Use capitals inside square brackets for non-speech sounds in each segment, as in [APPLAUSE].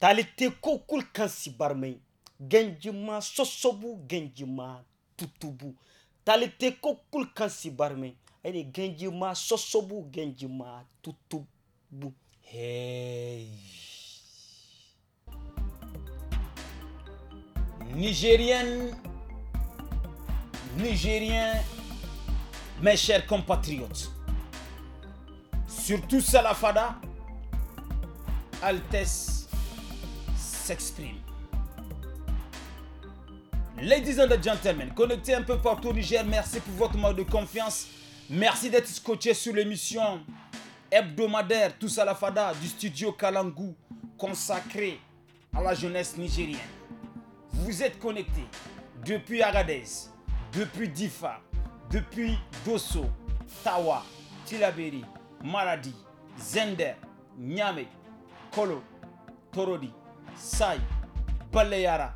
talite kokul kan sibarmai genjima sosobu genjima tutubu talite kokul kan sibarmai ayi genjima sosobu genjima tutubu hey Nigérienne, Nigérien, mes chers compatriotes, surtout Salafada, Altesse exprime. Ladies and gentlemen, connectés un peu partout au Niger, merci pour votre mode de confiance. Merci d'être scotché sur l'émission hebdomadaire Tous à la Fada du studio Kalangu consacré à la jeunesse nigérienne. Vous êtes connectés depuis Agadez, depuis Difa, depuis Dosso, Tawa, Tilaberi, Maradi, Zender, Niamey, Kolo, Torodi, Sai, Baleyara,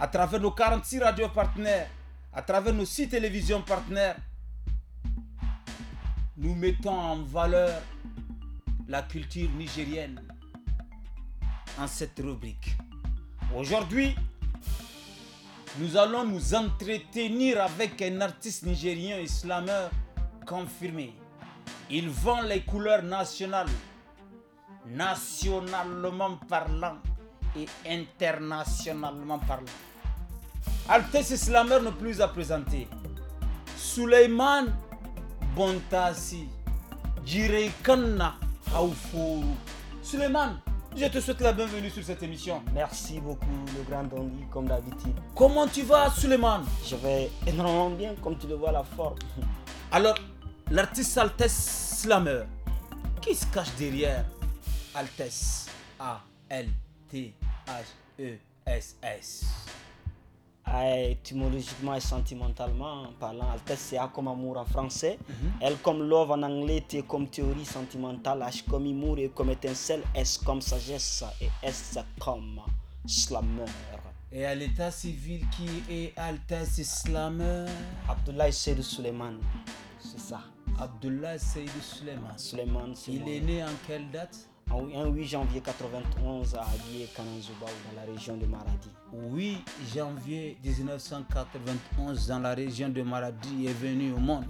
à travers nos 46 radios partenaires, à travers nos 6 télévisions partenaires, nous mettons en valeur la culture nigérienne en cette rubrique. Aujourd'hui, nous allons nous entretenir avec un artiste nigérien islameur confirmé. Il vend les couleurs nationales, nationalement parlant et internationalement parlant. Altesse Slammer ne plus à présenter. Suleiman Bontasi, Jirekana Haoufourou. Suleiman, je te souhaite la bienvenue sur cette émission. Merci beaucoup, le grand dandy, comme d'habitude. Comment tu vas, Suleiman Je vais énormément bien, comme tu le vois, la forme. Alors, l'artiste Altes Slammer, qui se cache derrière altes A-L-T H-E-S-S. Ah, étymologiquement et sentimentalement Altesse parlant, A comme amour en français, mhm. elle L comme love en anglais, T comme théorie sentimentale, H comme humour et comme étincelle, S comme sagesse et S comme slammer. Et à l'état civil qui est Altesse Slammer Abdullah Seydou Suleiman, c'est ça. Abdullah Seydou Suleiman. Suleiman, Il est né en quelle date un 8 janvier 1991 à Kananzuba dans la région de Maradi. 8 janvier 1991 dans la région de Maradi est venu au monde.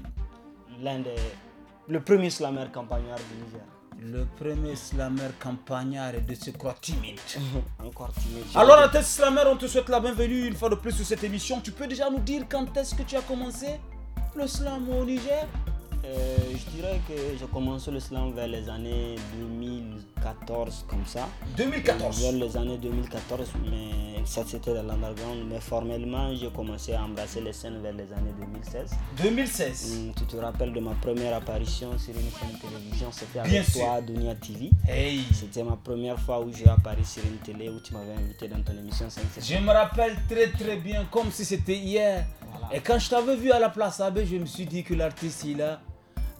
L'un des le premier slammer campagnard du Niger. Le premier slammer campagnard de ce quartier. timide. Encore [LAUGHS] Alors, la slammer, on te souhaite la bienvenue une fois de plus sur cette émission. Tu peux déjà nous dire quand est-ce que tu as commencé le slam au Niger euh, je dirais que j'ai commencé le slam vers les années 2014, comme ça. 2014 Vers les années 2014, mais ça c'était dans l'underground. Mais formellement, j'ai commencé à embrasser les scènes vers les années 2016. 2016 hum, Tu te rappelles de ma première apparition sur une chaîne télévision C'était avec toi, Dunia TV. Hey C'était ma première fois où j'ai apparu sur une télé où tu m'avais invité dans ton émission Je me rappelle très très bien, comme si c'était hier. Et quand je t'avais vu à la place AB, je me suis dit que l'artiste, il a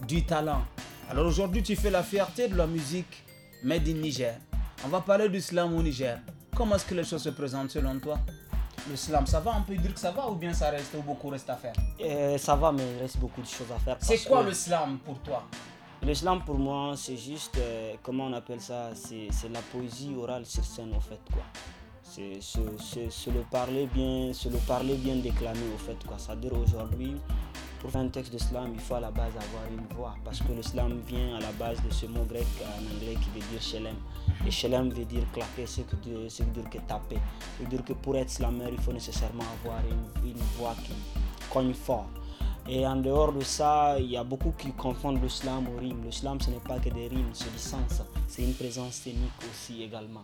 du talent. Alors aujourd'hui, tu fais la fierté de la musique Made in Niger. On va parler du slam au Niger. Comment est-ce que les choses se présentent selon toi le slam, ça va On peut dire que ça va ou bien ça reste ou beaucoup reste à faire eh, Ça va, mais il reste beaucoup de choses à faire. C'est quoi le slam pour toi Le slam pour moi, c'est juste, euh, comment on appelle ça C'est la poésie orale sur scène en fait quoi. C'est se, le parler bien, se le parler bien déclamer au fait quoi. ça aujourd'hui, pour faire un texte de slam, il faut à la base avoir une voix, parce que le slam vient à la base de ce mot grec euh, en anglais qui veut dire shalem. Et shalem veut dire claquer, », c'est-à-dire dire que taper. cest veut dire que pour être slammer, il faut nécessairement avoir une, voix qui cogne fort. Et en dehors de ça, il y a beaucoup qui confondent le slam aux rimes. Le slam, ce n'est pas que des rimes, c'est du sens. C'est une présence scénique aussi également.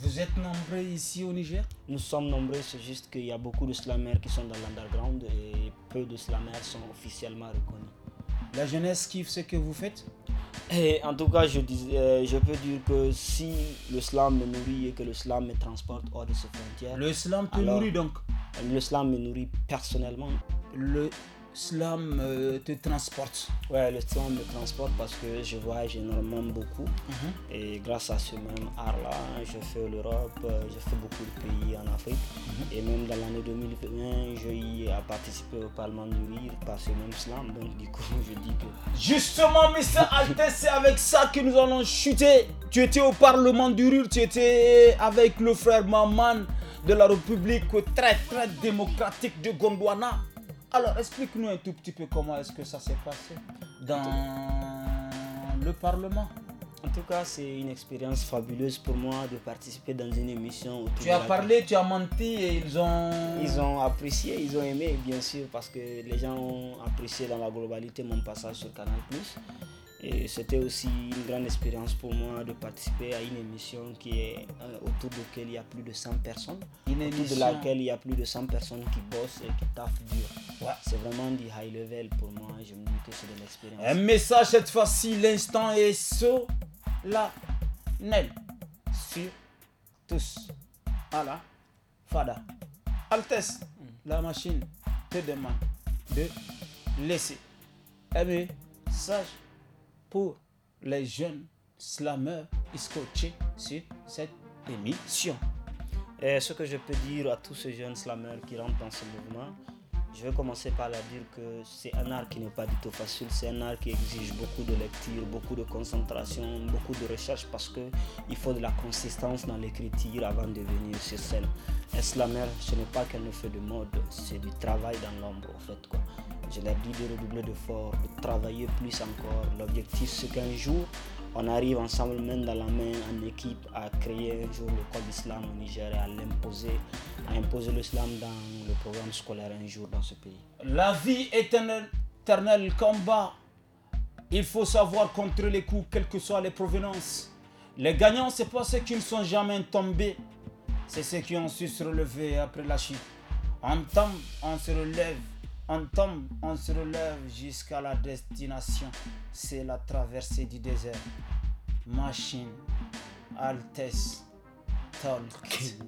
Vous êtes nombreux ici au Niger Nous sommes nombreux, c'est juste qu'il y a beaucoup de slammers qui sont dans l'underground et peu de slammers sont officiellement reconnus. La jeunesse kiffe ce que vous faites et eh, En tout cas, je, dis, euh, je peux dire que si le slam me nourrit et que le slam me transporte hors de ses frontières. Le slam te nourrit donc Le slam me nourrit personnellement. Le slam euh, te transporte Ouais, le slam me transporte parce que je voyage énormément beaucoup. Mhm. Et grâce à ce même art-là, je fais l'Europe, euh, je fais beaucoup de pays en Afrique. Mhm. Et même dans l'année 2021, j'ai participé au Parlement du Rire par ce même slam. Donc, du coup, [LAUGHS] je dis que. Justement, Mr. Alten, c'est avec ça que nous allons chuter. Tu étais au Parlement du Rire, tu étais avec le frère Maman de la République très très démocratique de Gondwana. Alors, explique-nous un tout petit peu comment est-ce que ça s'est passé dans le Parlement. En tout cas, c'est une expérience fabuleuse pour moi de participer dans une émission. Tu as parlé, tu as menti et ils ont... Ils ont apprécié, ils ont aimé, bien sûr, parce que les gens ont apprécié dans la globalité mon passage sur Canal ⁇ et c'était aussi une grande expérience pour moi de participer à une émission qui est euh, autour de laquelle il y a plus de 100 personnes. Une autour émission. de laquelle il y a plus de 100 personnes qui bossent et qui taffent dur. C'est vraiment du high level pour moi. Je me dis que c'est de l'expérience. Un message cette fois-ci, l'instant est solennel. Sur tous. Voilà. Fada. Altesse, la machine te demande de laisser un message pour les jeunes slameurs scotchés sur cette émission. Et ce que je peux dire à tous ces jeunes slameurs qui rentrent dans ce mouvement, je vais commencer par leur dire que c'est un art qui n'est pas du tout facile, c'est un art qui exige beaucoup de lecture, beaucoup de concentration, beaucoup de recherche parce qu'il faut de la consistance dans l'écriture avant de venir sur scène. Un slammer, ce n'est pas qu'un effet de mode, c'est du travail dans l'ombre en fait. Quoi. Je leur dis de redoubler d'efforts, de travailler plus encore. L'objectif, c'est qu'un jour, on arrive ensemble, main dans la main, en équipe, à créer un jour le code au Niger et à l'imposer, à imposer l'islam dans le programme scolaire un jour dans ce pays. La vie est un éternel combat. Il faut savoir contrer les coups, quelles que soient les provenances. Les gagnants, ce n'est pas ceux qui ne sont jamais tombés, c'est ceux qui ont su se relever après la chute. En temps, on se relève. On tombe, on se relève jusqu'à la destination. C'est la traversée du désert. Machine, Altesse, Talk.